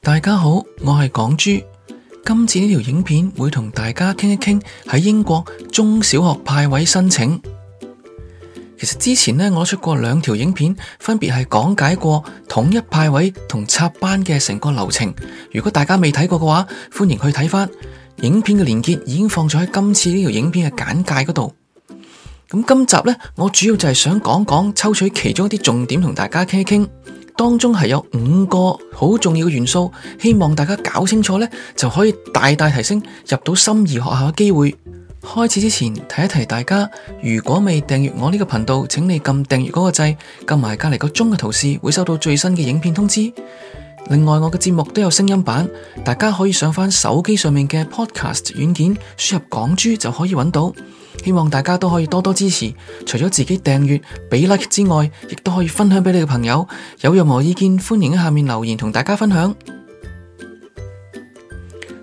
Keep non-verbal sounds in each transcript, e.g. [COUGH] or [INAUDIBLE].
大家好，我係港珠。今次呢條影片會同大家傾一傾喺英國中小學派位申請。其實之前呢，我出過兩條影片，分別係講解過統一派位同插班嘅成個流程。如果大家未睇過嘅話，歡迎去睇翻，影片嘅連結已經放咗喺今次呢條影片嘅簡介嗰度。咁今集呢，我主要就係想講講抽取其中一啲重點同大家傾一傾。當中係有五個好重要嘅元素，希望大家搞清楚呢，就可以大大提升入到心儀學校嘅機會。開始之前提一提大家，如果未訂閱我呢個頻道，請你撳訂閱嗰個掣，撳埋隔籬個鐘嘅圖示，會收到最新嘅影片通知。另外，我嘅節目都有聲音版，大家可以上翻手機上面嘅 Podcast 軟件，輸入港珠就可以揾到。希望大家都可以多多支持，除咗自己訂閱、俾 like 之外，亦都可以分享俾你嘅朋友。有任何意見，歡迎喺下面留言同大家分享。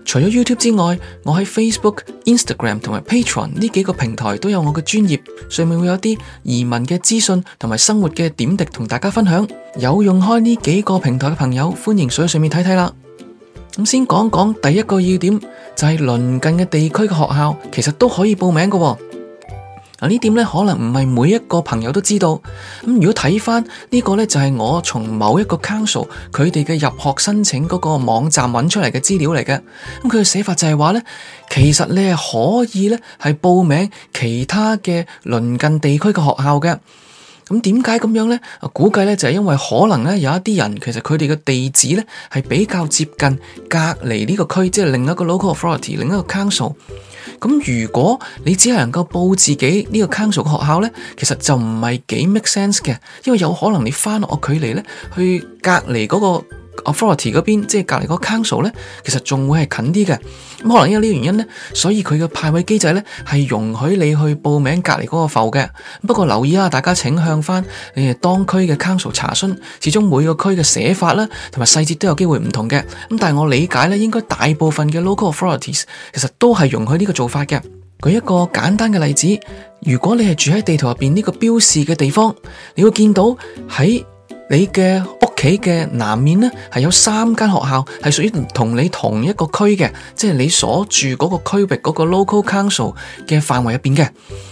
除咗 YouTube 之外，我喺 Facebook、Instagram 同埋 Patreon 呢幾個平台都有我嘅專頁，上面會有啲移民嘅資訊同埋生活嘅點滴同大家分享。有用開呢幾個平台嘅朋友，歡迎上去上面睇睇啦。咁先講講第一個要點，就係、是、鄰近嘅地區嘅學校，其實都可以報名嘅、哦。嗱，呢點呢，可能唔係每一個朋友都知道。咁如果睇翻呢個呢，就係我從某一個 Council 佢哋嘅入學申請嗰個網站揾出嚟嘅資料嚟嘅。咁佢嘅寫法就係話呢，其實你係可以呢，係報名其他嘅鄰近地區嘅學校嘅。咁點解咁樣呢？估計呢就係因為可能呢，有一啲人其實佢哋嘅地址呢係比較接近隔離呢個區，即係另一個 local authority、另一個 council。咁如果你只係能夠報自己呢個 council 嘅學校呢，其實就唔係幾 make sense 嘅，因為有可能你翻落個距離呢，去隔離嗰個。Authority 嗰邊即係隔離嗰個 council 咧，其實仲會係近啲嘅。咁可能因為呢個原因咧，所以佢嘅派位機制咧係容許你去報名隔離嗰個埠嘅。不過留意下，大家請向翻你當區嘅 council 查詢，始終每個區嘅寫法啦同埋細節都有機會唔同嘅。咁但係我理解咧，應該大部分嘅 local authorities 其實都係容許呢個做法嘅。舉一個簡單嘅例子，如果你係住喺地圖入邊呢個標示嘅地方，你會見到喺你嘅屋企嘅南面呢，係有三間學校，係屬於同你同一個區嘅，即係你所住嗰個區域嗰個 local council 嘅範圍入邊嘅。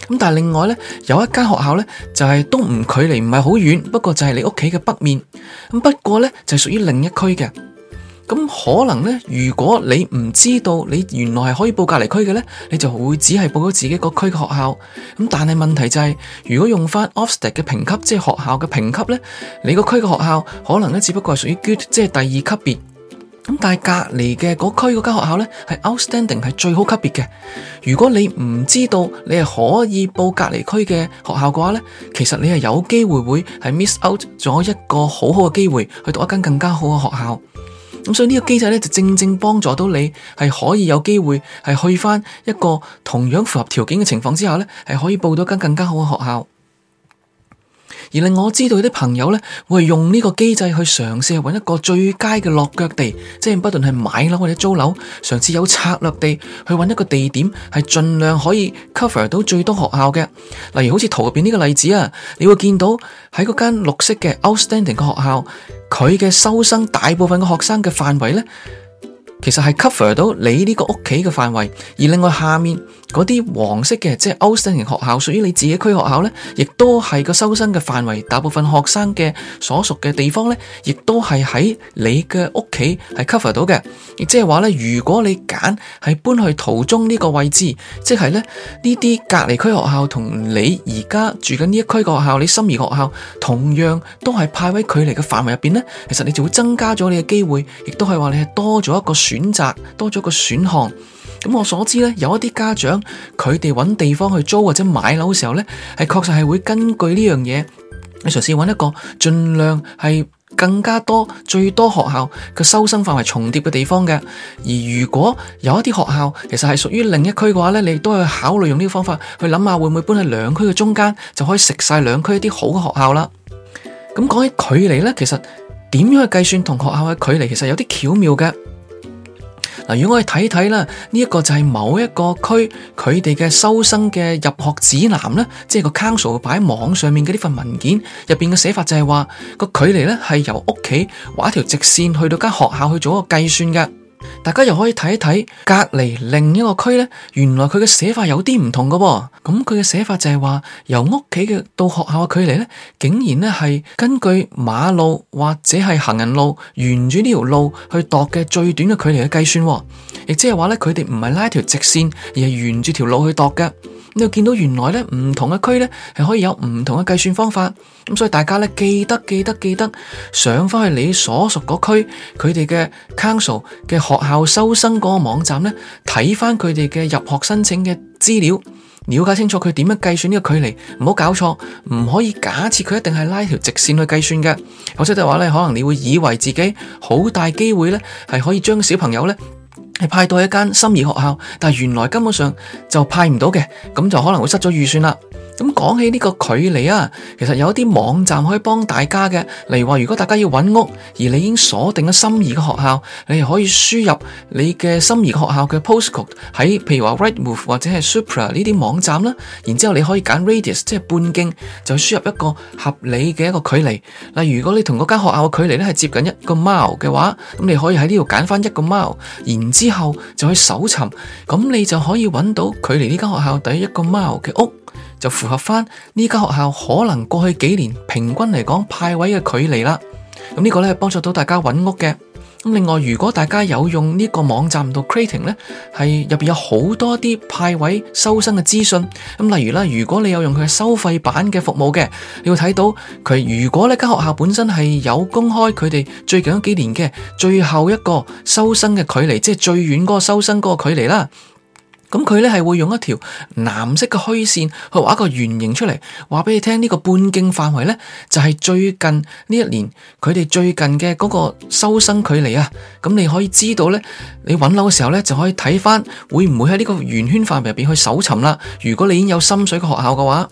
咁但係另外呢，有一間學校呢，就係都唔距離唔係好遠，不過就係你屋企嘅北面。咁不過呢，就係屬於另一區嘅。咁可能呢，如果你唔知道你原來係可以報隔離區嘅呢，你就會只係報咗自己個區嘅學校。咁但係問題就係、是，如果用翻 Ofsted 嘅評級，即係學校嘅評級呢，你個區嘅學校可能呢，只不過係屬於 good，即係第二級別。咁但係隔離嘅嗰區嗰間學校呢，係 outstanding，係最好級別嘅。如果你唔知道你係可以報隔離區嘅學校嘅話呢，其實你係有機會會係 miss out 咗一個好好嘅機會去讀一間更加好嘅學校。咁所以呢個機制咧，就正正幫助到你係可以有機會係去返一個同樣符合條件嘅情況之下咧，係可以報到間更加好嘅學校。而令我知道啲朋友呢，會用呢個機制去嘗試揾一個最佳嘅落腳地，即係不論係買樓或者租樓，嘗試有策略地去揾一個地點，係盡量可以 cover 到最多學校嘅。例如好似圖入邊呢個例子啊，你會見到喺嗰間綠色嘅 outstanding 嘅學校，佢嘅收生大部分嘅學生嘅範圍呢。其實係 cover 到你呢個屋企嘅範圍，而另外下面嗰啲黃色嘅，即係歐式型學校，屬於你自己區學校呢，亦都係個收生嘅範圍。大部分學生嘅所屬嘅地方呢，亦都係喺你嘅屋企係 cover 到嘅。亦即係話呢，如果你揀係搬去圖中呢個位置，即係咧呢啲隔離區學校同你而家住緊呢一區個學校，你心儀學校同樣都係派位距離嘅範圍入邊呢，其實你就會增加咗你嘅機會，亦都係話你係多咗一個選擇多咗個選項，咁我所知呢，有一啲家長佢哋揾地方去租或者買樓嘅時候呢，係確實係會根據呢樣嘢，你嘗試揾一個盡量係更加多、最多學校嘅收生範圍重疊嘅地方嘅。而如果有一啲學校其實係屬於另一區嘅話呢，你都去考慮用呢個方法去諗下會唔會搬去兩區嘅中間，就可以食晒兩區一啲好嘅學校啦。咁講起距離呢，其實點樣去計算同學校嘅距離，其實有啲巧妙嘅。嗱，如果我哋睇睇啦，呢、這、一個就係某一個區佢哋嘅收生嘅入學指南咧，即係個 Council 擺喺網上面嗰啲份文件入面嘅寫法就係話個距離呢係由屋企畫一條直線去到間學校去做一個計算嘅。大家又可以睇一睇隔籬另一個區咧，原來佢嘅寫法有啲唔同㗎，咁佢嘅寫法就係話由屋企嘅到學校嘅距離咧，竟然咧係根據馬路或者係行人路沿住呢條路去度嘅最短嘅距離去計算，亦即係話咧佢哋唔係拉條直線，而係沿住條路去度嘅。你又見到原來咧唔同嘅區咧係可以有唔同嘅計算方法，所以大家咧記得記得記得上翻去你所屬個區佢哋嘅 council 嘅學校收生嗰個網站呢，睇翻佢哋嘅入學申請嘅資料，了解清楚佢點樣計算呢個距離，唔好搞錯，唔可以假設佢一定係拉條直線去計算嘅，否則嘅話咧，可能你會以為自己好大機會呢係可以將小朋友呢。係派到一間心儀學校，但係原來根本上就派唔到嘅，咁就可能會失咗預算啦。咁講起呢個距離啊，其實有一啲網站可以幫大家嘅，例如話如果大家要揾屋，而你已經鎖定咗心儀嘅學校，你可以輸入你嘅心儀學校嘅 postcode，喺譬如話 Rightmove 或者係 Supra 呢啲網站啦，然之後你可以揀 radius 即係半徑，就輸入一個合理嘅一個距離。嗱，如果你同嗰間學校嘅距離呢係接近一個 mile 嘅話，咁你可以喺呢度揀翻一個 mile，然之。之後就去搜尋，咁你就可以揾到距離呢間學校第一個 mile 嘅屋，就符合翻呢間學校可能過去幾年平均嚟講派位嘅距離啦。咁呢個呢係幫助到大家揾屋嘅。另外，如果大家有用呢個網站度 Creating 呢，係入邊有好多啲派位收生嘅資訊。咁例如啦，如果你有用佢收費版嘅服務嘅，你要睇到佢，如果呢間學校本身係有公開佢哋最近嗰幾年嘅最後一個收生嘅距離，即係最遠嗰個收生嗰個距離啦。咁佢咧係會用一條藍色嘅虛線去畫一個圓形出嚟，話俾你聽呢個半徑範圍咧就係最近呢一年佢哋最近嘅嗰個收生距離啊。咁你可以知道咧，你揾樓嘅時候咧就可以睇翻會唔會喺呢個圓圈範圍入邊去搜尋啦。如果你已經有心水嘅學校嘅話。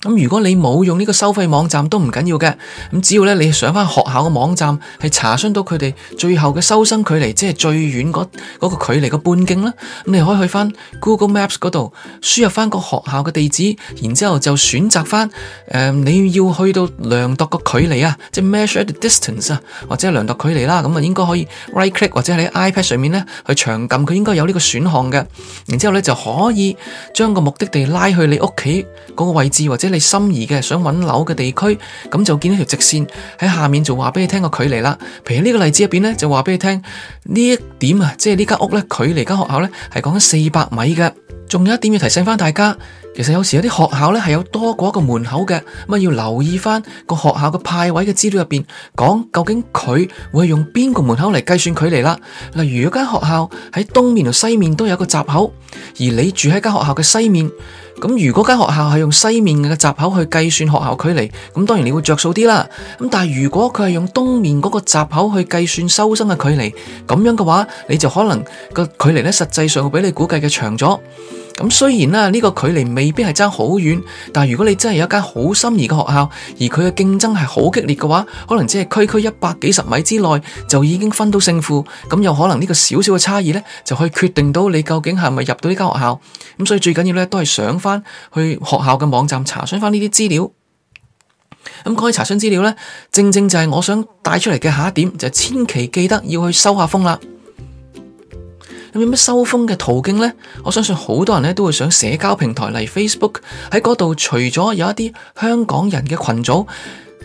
咁如果你冇用呢個收費網站都唔緊要嘅，咁只要咧你上翻學校嘅網站，係查詢到佢哋最後嘅收生距離，即係最遠嗰個距離個半徑啦。咁你可以去翻 Google Maps 度，輸入翻個學校嘅地址，然之後就選擇翻誒，你要去到量度個距離啊，即係 measure the distance 啊，或者量度距離啦，咁啊應該可以 right click 或者喺 iPad 上面咧去長撳，佢應該有呢個選項嘅。然之後咧就可以將個目的地拉去你屋企個位置或者。你心儀嘅想揾樓嘅地區，咁就見到條直線喺下面就話俾你聽個距離啦。譬如呢個例子入邊呢，就話俾你聽呢一點啊，即係呢間屋呢，距離間學校咧係講緊四百米嘅。仲有一點要提醒翻大家，其實有時有啲學校呢係有多過一個門口嘅，咪要留意翻個學校嘅派位嘅資料入邊講究竟佢會用邊個門口嚟計算距離啦。例如一間學校喺東面同西面都有個閘口，而你住喺間學校嘅西面。咁如果間學校係用西面嘅閘口去計算學校距離，咁當然你會着數啲啦。咁但係如果佢係用東面嗰個閘口去計算收生嘅距離，咁樣嘅話，你就可能個距離咧實際上會比你估計嘅長咗。咁雖然啦，呢個距離未必係爭好遠，但如果你真係有一間好心儀嘅學校，而佢嘅競爭係好激烈嘅話，可能只係區區一百幾十米之內就已經分到勝負。咁有可能呢個少少嘅差異呢，就可以決定到你究竟係咪入到呢間學校。咁所以最緊要呢，都係上翻去學校嘅網站查詢翻呢啲資料。咁講起查詢資料呢，正正就係我想帶出嚟嘅下一點，就係千祈記得要去收下風啦。有咩收風嘅途徑呢？我相信好多人咧都會上社交平台嚟 Facebook，喺嗰度除咗有一啲香港人嘅群組，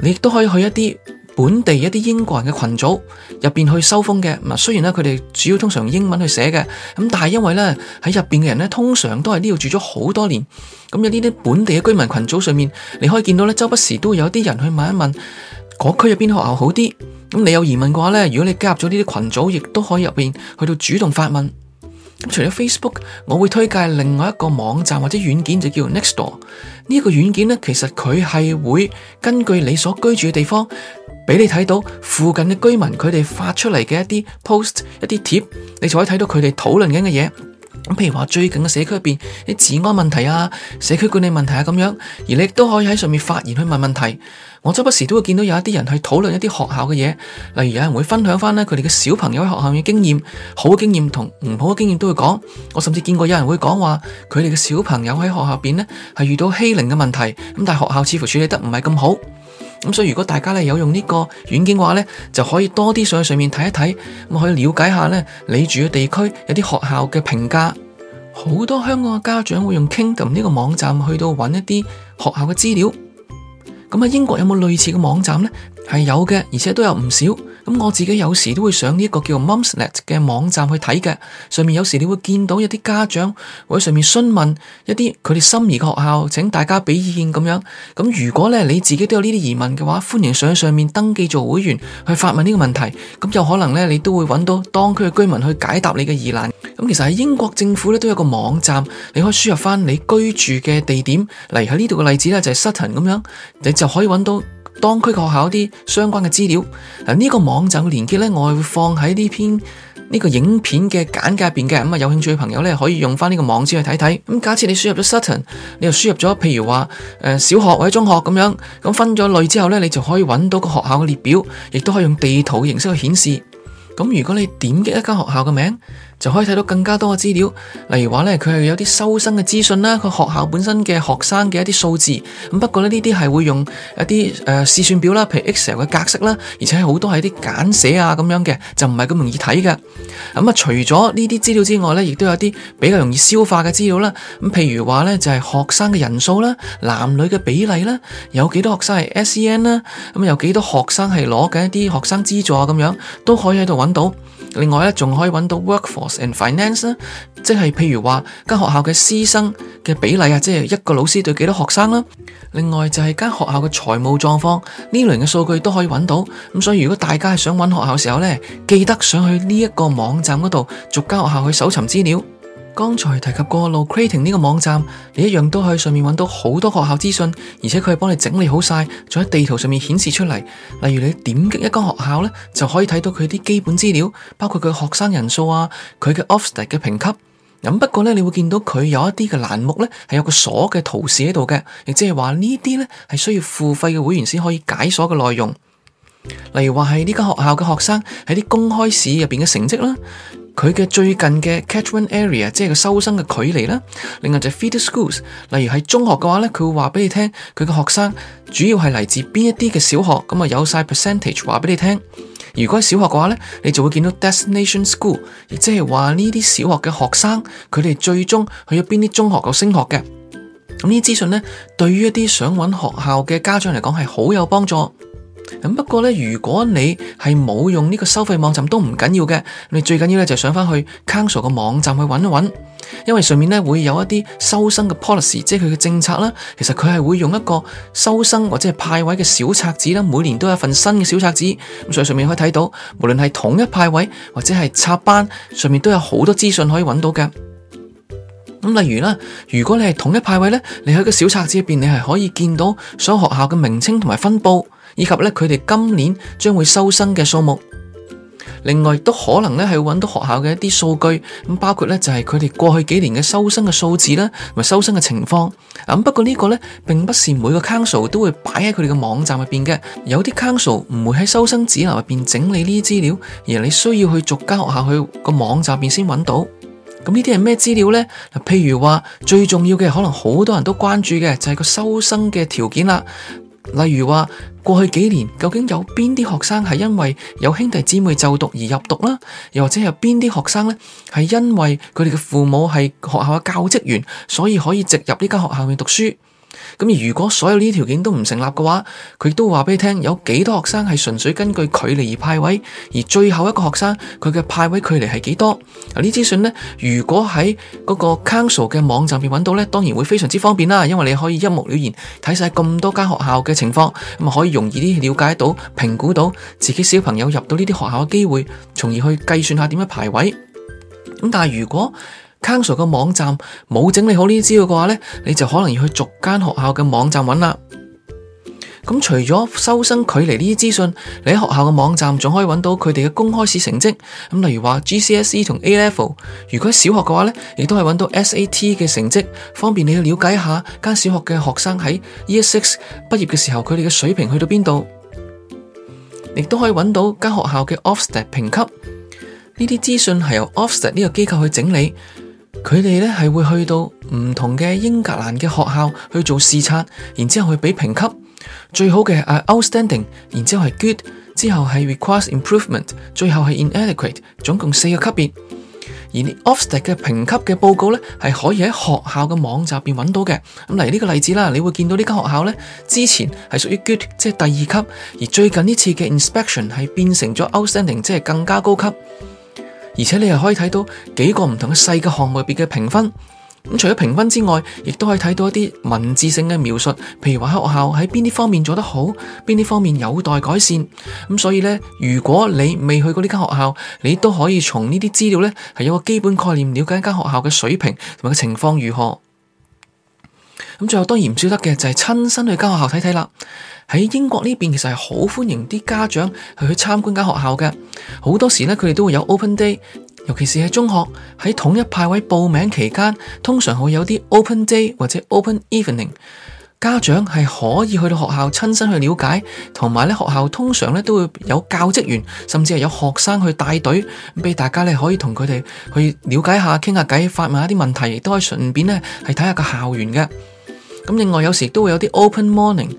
你亦都可以去一啲本地一啲英國人嘅群組入邊去收風嘅。咁雖然咧佢哋主要通常用英文去寫嘅，咁但係因為咧喺入邊嘅人咧通常都係呢度住咗好多年，咁有呢啲本地嘅居民群組上面，你可以見到咧周不時都會有啲人去問一問，我區入邊學校好啲，咁你有疑問嘅話呢，如果你加入咗呢啲群組，亦都可以入邊去到主動發問。咁除咗 Facebook，我會推介另外一個網站或者軟件，就叫 Nextdoor。呢個軟件呢，其實佢係會根據你所居住嘅地方，俾你睇到附近嘅居民佢哋發出嚟嘅一啲 post、一啲貼，你就可以睇到佢哋討論緊嘅嘢。咁譬如話最近嘅社區入邊啲治安問題啊、社區管理問題啊咁樣，而你都可以喺上面發言去問問題。我周不時都會見到有一啲人去討論一啲學校嘅嘢，例如有人會分享翻咧佢哋嘅小朋友喺學校嘅經驗，好經驗同唔好嘅經驗都會講。我甚至見過有人會講話佢哋嘅小朋友喺學校邊咧係遇到欺凌嘅問題，咁但係學校似乎處理得唔係咁好。咁所以如果大家咧有用呢個軟件嘅話呢，就可以多啲上去上面睇一睇，咁可以了解下呢你住嘅地區有啲學校嘅評價。好多香港嘅家長會用 Kingdom 呢個網站去到搵一啲學校嘅資料。咁啊，那英國有冇類似嘅網站咧？係有嘅，而且都有唔少。咁我自己有時都會上呢一個叫 Mumsnet 嘅網站去睇嘅，上面有時你會見到一啲家長會喺上面詢問一啲佢哋心儀嘅學校，請大家俾意見咁樣。咁如果咧你自己都有呢啲疑問嘅話，歡迎上去上面登記做會員去發問呢個問題。咁有可能咧你都會揾到當區嘅居民去解答你嘅疑難。咁其實喺英國政府咧都有個網站，你可以輸入翻你居住嘅地點嚟，喺呢度嘅例子咧就係 Sutton 咁樣，你就可以揾到當區嘅學校啲相關嘅資料，嗱、啊、呢、這個網站嘅連結呢，我係會放喺呢篇呢、這個影片嘅簡介入邊嘅，咁、嗯、啊有興趣嘅朋友呢，可以用翻呢個網址去睇睇。咁、嗯、假設你輸入咗 Sutton，你又輸入咗譬如話誒、呃、小學或者中學咁樣，咁、嗯、分咗類之後呢，你就可以揾到個學校嘅列表，亦都可以用地圖形式去顯示。咁、嗯、如果你點擊一間學校嘅名，就可以睇到更加多嘅資料，例如話呢，佢係有啲收生嘅資訊啦，佢學校本身嘅學生嘅一啲數字。咁不過呢，呢啲係會用一啲誒、呃、試算表啦，譬如 Excel 嘅格式啦，而且好多係啲簡寫啊咁樣嘅，就唔係咁容易睇嘅。咁啊，除咗呢啲資料之外呢，亦都有啲比較容易消化嘅資料啦。咁、啊、譬如話呢，就係、是、學生嘅人數啦、男女嘅比例啦、有幾多學生係 SEN 啦、啊，咁有幾多學生係攞緊一啲學生資助啊咁樣都可以喺度揾到。另外呢，仲可以揾到 Workforce。and finance 即係譬如話間學校嘅師生嘅比例啊，即係一個老師對幾多學生啦。另外就係間學校嘅財務狀況，呢類嘅數據都可以揾到。咁所以如果大家係想揾學校嘅時候呢，記得上去呢一個網站嗰度，逐間學校去搜尋資料。剛才提及過路 Creating 呢個網站，你一樣都可以上面揾到好多學校資訊，而且佢係幫你整理好晒，仲喺地圖上面顯示出嚟。例如你點擊一間學校呢，就可以睇到佢啲基本資料，包括佢學生人數啊，佢嘅 Ofsted 嘅評級。咁不過呢，你會見到佢有一啲嘅欄目呢，係有個鎖嘅圖示喺度嘅，亦即係話呢啲呢係需要付費嘅會員先可以解鎖嘅內容。例如話係呢間學校嘅學生喺啲公開試入邊嘅成績啦。佢嘅最近嘅 catchment area，即係個收生嘅距離啦。另外就係 feeder schools，例如喺中學嘅話咧，佢會話俾你聽佢嘅學生主要係嚟自邊一啲嘅小學，咁啊有晒 percentage 話俾你聽。如果係小學嘅話咧，你就會見到 destination school，即係話呢啲小學嘅學生佢哋最終去咗邊啲中學度升學嘅。咁呢啲資訊咧，對於一啲想揾學校嘅家長嚟講係好有幫助。咁不過咧，如果你係冇用呢個收費網站都唔緊要嘅，你最緊要呢就上翻去 Council 個網站去揾一揾，因為上面咧會有一啲收生嘅 policy，即係佢嘅政策啦。其實佢係會用一個收生或者係派位嘅小冊子啦，每年都有一份新嘅小冊子，咁所以上面可以睇到，無論係統一派位或者係插班，上面都有好多資訊可以揾到嘅。咁例如啦，如果你係統一派位呢，你喺個小冊子入邊，你係可以見到所有學校嘅名稱同埋分布。以及咧，佢哋今年將會收生嘅數目，另外亦都可能咧係搵到學校嘅一啲數據，咁包括咧就係佢哋過去幾年嘅收生嘅數字啦，同埋收生嘅情況。咁不過呢個咧，並不是每個 Council 都會擺喺佢哋嘅網站入邊嘅，有啲 Council 唔會喺收生指南入邊整理呢啲資料，而你需要去逐間學校去個網站入邊先搵到。咁呢啲係咩資料咧？嗱，譬如話最重要嘅，可能好多人都關注嘅就係個收生嘅條件啦。例如話，過去幾年究竟有邊啲學生係因為有兄弟姊妹就讀而入讀啦？又或者有邊啲學生呢係因為佢哋嘅父母係學校嘅教職員，所以可以直入呢間學校去讀書？咁而如果所有呢啲條件都唔成立嘅話，佢亦都話俾你聽有幾多學生係純粹根據距離而派位，而最後一個學生佢嘅派位距離係幾多？嗱，呢資訊呢，如果喺嗰個 Council 嘅網站入邊揾到呢，當然會非常之方便啦，因為你可以一目了然睇晒咁多間學校嘅情況，咁、嗯、啊可以容易啲了解到、評估到自己小朋友入到呢啲學校嘅機會，從而去計算下點樣排位。咁但係如果，Council 個網站冇整理好呢啲資料嘅話呢你就可能要去逐間學校嘅網站揾啦。咁除咗收生距離呢啲資訊，你喺學校嘅網站仲可以揾到佢哋嘅公開試成績。咁例如話 GCSE 同 A Level，如果喺小學嘅話呢亦都係揾到 SAT 嘅成績，方便你去了解下間小學嘅學生喺 Year 6畢業嘅時候佢哋嘅水平去到邊度。亦都可以揾到間學校嘅 Ofsted 評級，呢啲資訊係由 Ofsted 呢個機構去整理。佢哋咧係會去到唔同嘅英格蘭嘅學校去做視察，然之後去俾評級，最好嘅係 outstanding，然之後係 good，之後係 requires improvement，最後係 inadequate，總共四個級別。而 Ofsted 嘅評級嘅報告咧係可以喺學校嘅網站入邊揾到嘅。咁嚟呢個例子啦，你會見到呢間學校咧之前係屬於 good，即係第二級，而最近呢次嘅 inspection 係變成咗 outstanding，即係更加高級。而且你又可以睇到幾個唔同嘅細嘅項目入邊嘅評分，咁除咗評分之外，亦都可以睇到一啲文字性嘅描述，譬如話喺學校喺邊啲方面做得好，邊啲方面有待改善。咁所以呢，如果你未去過呢間學校，你都可以從呢啲資料呢，係有個基本概念，了解一間學校嘅水平同埋個情況如何。咁最後當然唔少得嘅就係親身去間學校睇睇啦。喺英國呢邊其實係好歡迎啲家長係去參觀間學校嘅，好多時呢，佢哋都會有 open day，尤其是喺中學喺統一派位報名期間，通常會有啲 open day 或者 open evening，家長係可以去到學校親身去了解，同埋呢學校通常呢都會有教職員甚至係有學生去帶隊，俾大家呢可以同佢哋去了解下，傾下偈，發問一啲問題，都可以順便呢係睇下個校園嘅。咁另外有時都會有啲 open morning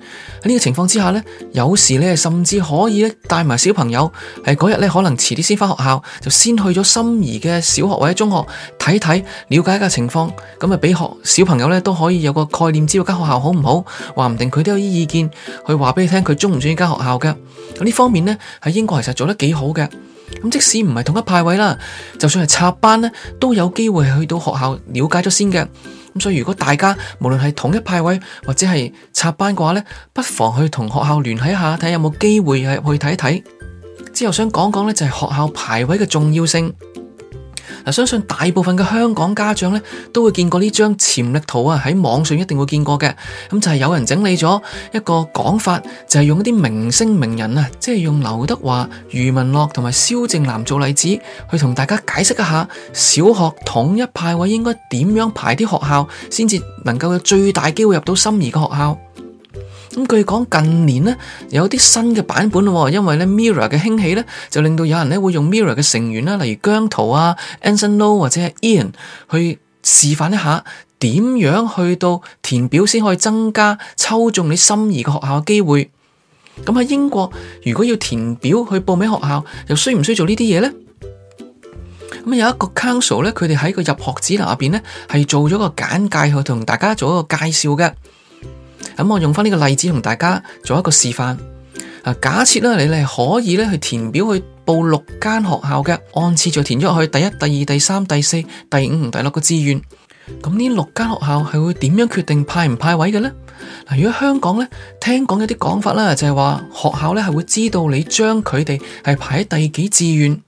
喺呢個情況之下，呢有時你甚至可以咧帶埋小朋友，係嗰日咧可能遲啲先返學校，就先去咗心儀嘅小學或者中學睇睇，了解下情況，咁啊俾學小朋友咧都可以有個概念，知道間學校好唔好，話唔定佢都有啲意見去話俾你聽，佢中唔中意間學校嘅。咁呢方面呢，喺英國其實做得幾好嘅。咁即使唔係同一派位啦，就算係插班呢，都有機會去到學校了解咗先嘅。咁所以如果大家無論係統一派位或者係插班嘅話呢，不妨去同學校聯繫下，睇下有冇機會係去睇睇。之後想講講呢，就係學校排位嘅重要性。相信大部分嘅香港家長咧，都會見過呢張潛力圖啊，喺網上一定會見過嘅。咁就係有人整理咗一個講法，就係、是、用一啲明星名人啊，即係用劉德華、余文樂同埋蕭正楠做例子，去同大家解釋一下小學統一派位應該點樣排啲學校，先至能夠有最大機會入到心儀嘅學校。咁據講近年咧有啲新嘅版本、哦、因為咧 Mirror 嘅興起咧，就令到有人咧會用 Mirror 嘅成員啦，例如姜濤啊、Anson Lo 或者係 Ian 去示範一下點樣去到填表先可以增加抽中你心儀嘅學校嘅機會。咁喺英國，如果要填表去報名學校，又需唔需要做呢啲嘢呢？咁有一個 Council 咧，佢哋喺個入學指南入邊咧係做咗個簡介去同大家做一個介紹嘅。咁、嗯、我用翻呢個例子同大家做一個示範。啊，假設啦，你哋可以咧去填表去報六間學校嘅，按次序填咗去第一、第二、第三、第四、第五同第六個志願。咁、嗯、呢六間學校係會點樣決定派唔派位嘅咧？嗱，如果香港咧，聽講有啲講法啦，就係話學校咧係會知道你將佢哋係排喺第幾志願。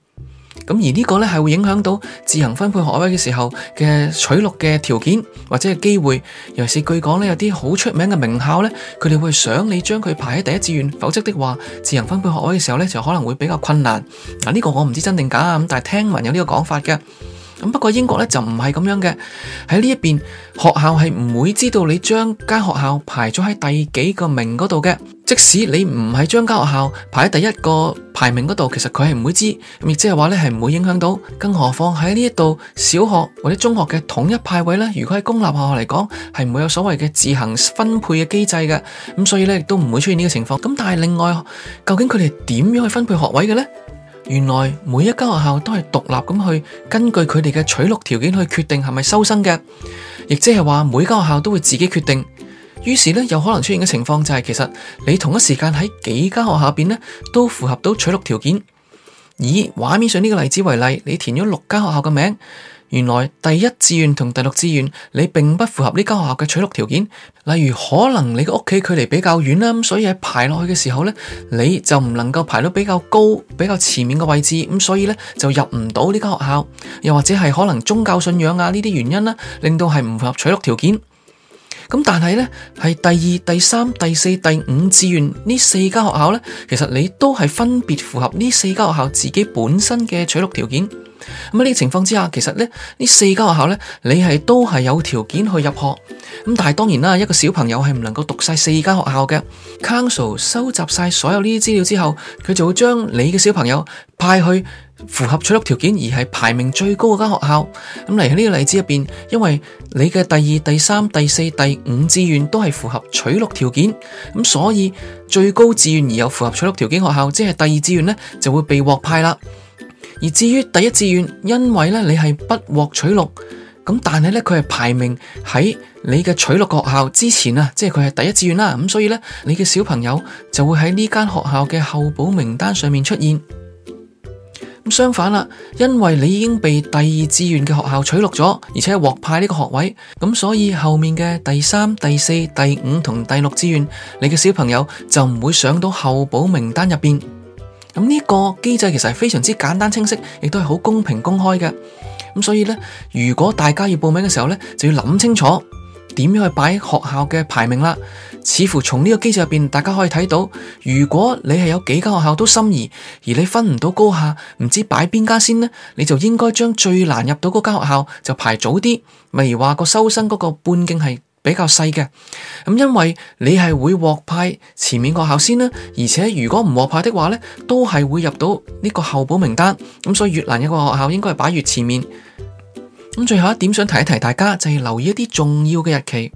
咁而呢個呢係會影響到自行分配學位嘅時候嘅取錄嘅條件或者係機會，尤其是據講呢，有啲好出名嘅名校呢，佢哋會想你將佢排喺第一志願，否則的話，自行分配學位嘅時候呢，就可能會比較困難。嗱，呢個我唔知真定假啊，但係聽聞有呢個講法嘅。咁不過英國呢，就唔係咁樣嘅，喺呢一邊學校係唔會知道你將間學校排咗喺第幾個名嗰度嘅。即使你唔喺張家學校排喺第一個排名嗰度，其實佢係唔會知，亦即係話咧係唔會影響到。更何況喺呢一度小學或者中學嘅統一派位呢？如果喺公立學校嚟講，係唔會有所謂嘅自行分配嘅機制嘅。咁所以呢，亦都唔會出現呢個情況。咁但係另外，究竟佢哋點樣去分配學位嘅呢？原來每一間學校都係獨立咁去根據佢哋嘅取錄條件去決定係咪收生嘅，亦即係話每一間學校都會自己決定。於是呢，有可能出現嘅情況就係，其實你同一時間喺幾間學校入邊呢，都符合到取錄條件。以畫面上呢個例子為例，你填咗六間學校嘅名，原來第一志願同第六志願，你並不符合呢間學校嘅取錄條件。例如，可能你嘅屋企距離比較遠啦，咁所以喺排落去嘅時候呢，你就唔能夠排到比較高、比較前面嘅位置，咁所以呢，就入唔到呢間學校。又或者係可能宗教信仰啊呢啲原因啦，令到係唔符合取錄條件。咁但係呢，係第二、第三、第四、第五志願呢四間學校呢，其實你都係分別符合呢四間學校自己本身嘅取錄條件。咁喺呢個情況之下，其實咧呢四間學校呢，你係都係有條件去入學。咁但係當然啦，一個小朋友係唔能夠讀晒四間學校嘅。 [MUSIC] Council 收集晒所有呢啲資料之後，佢就會將你嘅小朋友派去。符合取錄條件而係排名最高嗰間學校，咁嚟喺呢個例子入邊，因為你嘅第二、第三、第四、第五志願都係符合取錄條件，咁所以最高志願而又符合取錄條件學校，即係第二志願呢，就會被獲派啦。而至於第一志願，因為呢，你係不獲取錄，咁但係呢，佢係排名喺你嘅取錄個學校之前啊，即係佢係第一志願啦，咁所以呢，你嘅小朋友就會喺呢間學校嘅候補名單上面出現。咁相反啦，因為你已經被第二志願嘅學校取錄咗，而且獲派呢個學位，咁所以後面嘅第三、第四、第五同第六志願，你嘅小朋友就唔會上到候補名單入邊。咁呢個機制其實係非常之簡單清晰，亦都係好公平公開嘅。咁所以呢，如果大家要報名嘅時候呢，就要諗清楚。點樣去擺學校嘅排名啦？似乎從呢個機製入邊，大家可以睇到，如果你係有幾間學校都心儀，而你分唔到高下，唔知擺邊間先呢，你就應該將最難入到嗰間學校就排早啲。咪如話個收生嗰個半徑係比較細嘅，咁因為你係會獲派前面個學校先啦，而且如果唔獲派的話呢，都係會入到呢個候補名單。咁所以越難入個學校，應該係擺越前面。咁最後一點想提一提大家，就係留意一啲重要嘅日期。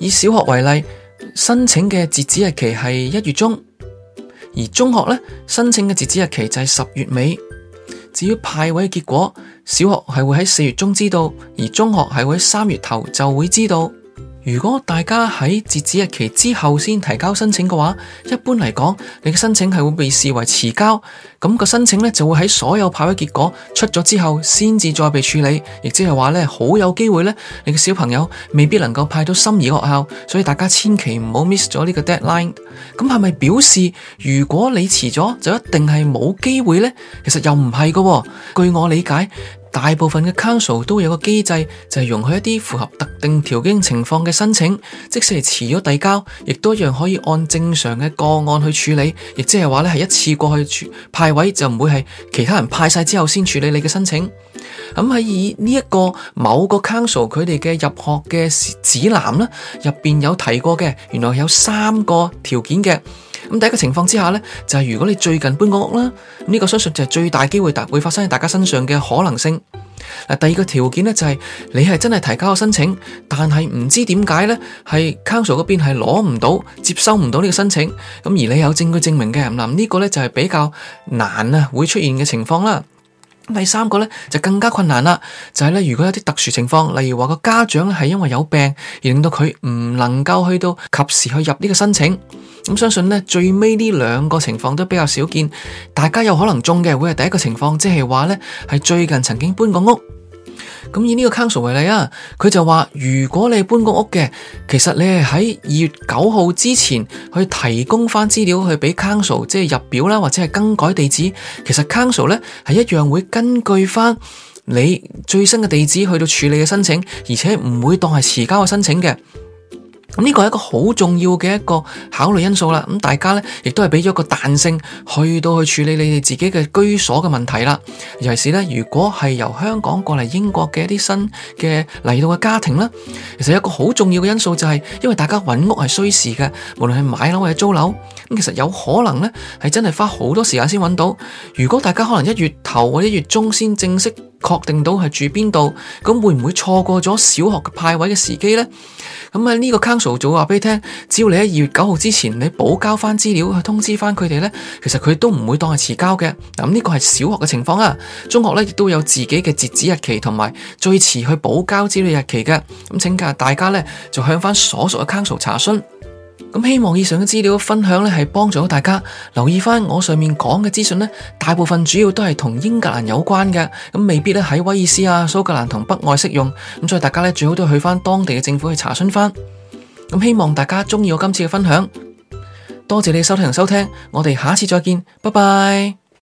以小學為例，申請嘅截止日期係一月中；而中學呢，申請嘅截止日期就係十月尾。至於派位結果，小學係會喺四月中知道，而中學係會喺三月頭就會知道。如果大家喺截止日期之後先提交申請嘅話，一般嚟講，你嘅申請係會被視為遲交，咁個申請呢，就會喺所有派位結果出咗之後先至再被處理，亦即係話呢，好有機會呢，你嘅小朋友未必能夠派到心儀學校，所以大家千祈唔好 miss 咗呢個 deadline。咁係咪表示如果你遲咗就一定係冇機會呢？其實又唔係噶，據我理解。大部分嘅 council 都有個機制，就係容許一啲符合特定條件情況嘅申請，即使係遲咗遞交，亦都一樣可以按正常嘅個案去處理。亦即係話咧，係一次過去派位，就唔會係其他人派晒之後先處理你嘅申請。咁喺以呢一個某個 council 佢哋嘅入學嘅指南咧，入邊有提過嘅，原來有三個條件嘅。咁第一個情況之下呢，就係、是、如果你最近搬個屋啦，呢、這個相信就係最大機會會發生喺大家身上嘅可能性。嗱，第二個條件呢，就係、是、你係真係提交咗申請，但係唔知點解呢，係 Council 嗰邊係攞唔到、接收唔到呢個申請，咁而你有證據證明嘅，咁、這、呢個呢，就係比較難啊，會出現嘅情況啦。第三個呢，就更加困難啦，就係呢，如果有啲特殊情況，例如話個家長係因為有病而令到佢唔能夠去到及時去入呢個申請。咁相信呢，最尾呢兩個情況都比較少見，大家有可能中嘅會係第一個情況，即係話呢係最近曾經搬過屋。咁以呢個 council 為例啊，佢就話如果你係搬過屋嘅，其實你係喺二月九號之前去提供返資料去俾 council，即係入表啦，或者係更改地址，其實 council 呢係一樣會根據返你最新嘅地址去到處理嘅申請，而且唔會當係遲交嘅申請嘅。咁呢個係一個好重要嘅一個考慮因素啦，咁大家呢亦都係俾咗個彈性去到去處理你哋自己嘅居所嘅問題啦，尤其是呢如果係由香港過嚟英國嘅一啲新嘅嚟到嘅家庭呢，其實一個好重要嘅因素就係、是、因為大家揾屋係需時嘅，無論係買樓或者租樓，咁其實有可能呢係真係花好多時間先揾到，如果大家可能一月頭或者一月中先正式。確定到係住邊度，咁會唔會錯過咗小學嘅派位嘅時機呢？咁喺呢個 Council 就話俾你聽，只要你喺二月九號之前，你補交翻資料去通知翻佢哋呢，其實佢都唔會當係遲交嘅。咁呢個係小學嘅情況啊，中學呢亦都有自己嘅截止日期同埋最遲去補交資料日期嘅。咁請架大家呢，就向翻所屬嘅 Council 查詢。咁希望以上嘅資料分享呢，係幫助到大家。留意翻我上面講嘅資訊呢，大部分主要都係同英格蘭有關嘅，咁未必呢喺威爾斯啊、蘇格蘭同北愛適用，咁所以大家呢最好都去翻當地嘅政府去查詢翻。咁希望大家中意我今次嘅分享，多謝你的收聽和收聽，我哋下次再見，拜拜。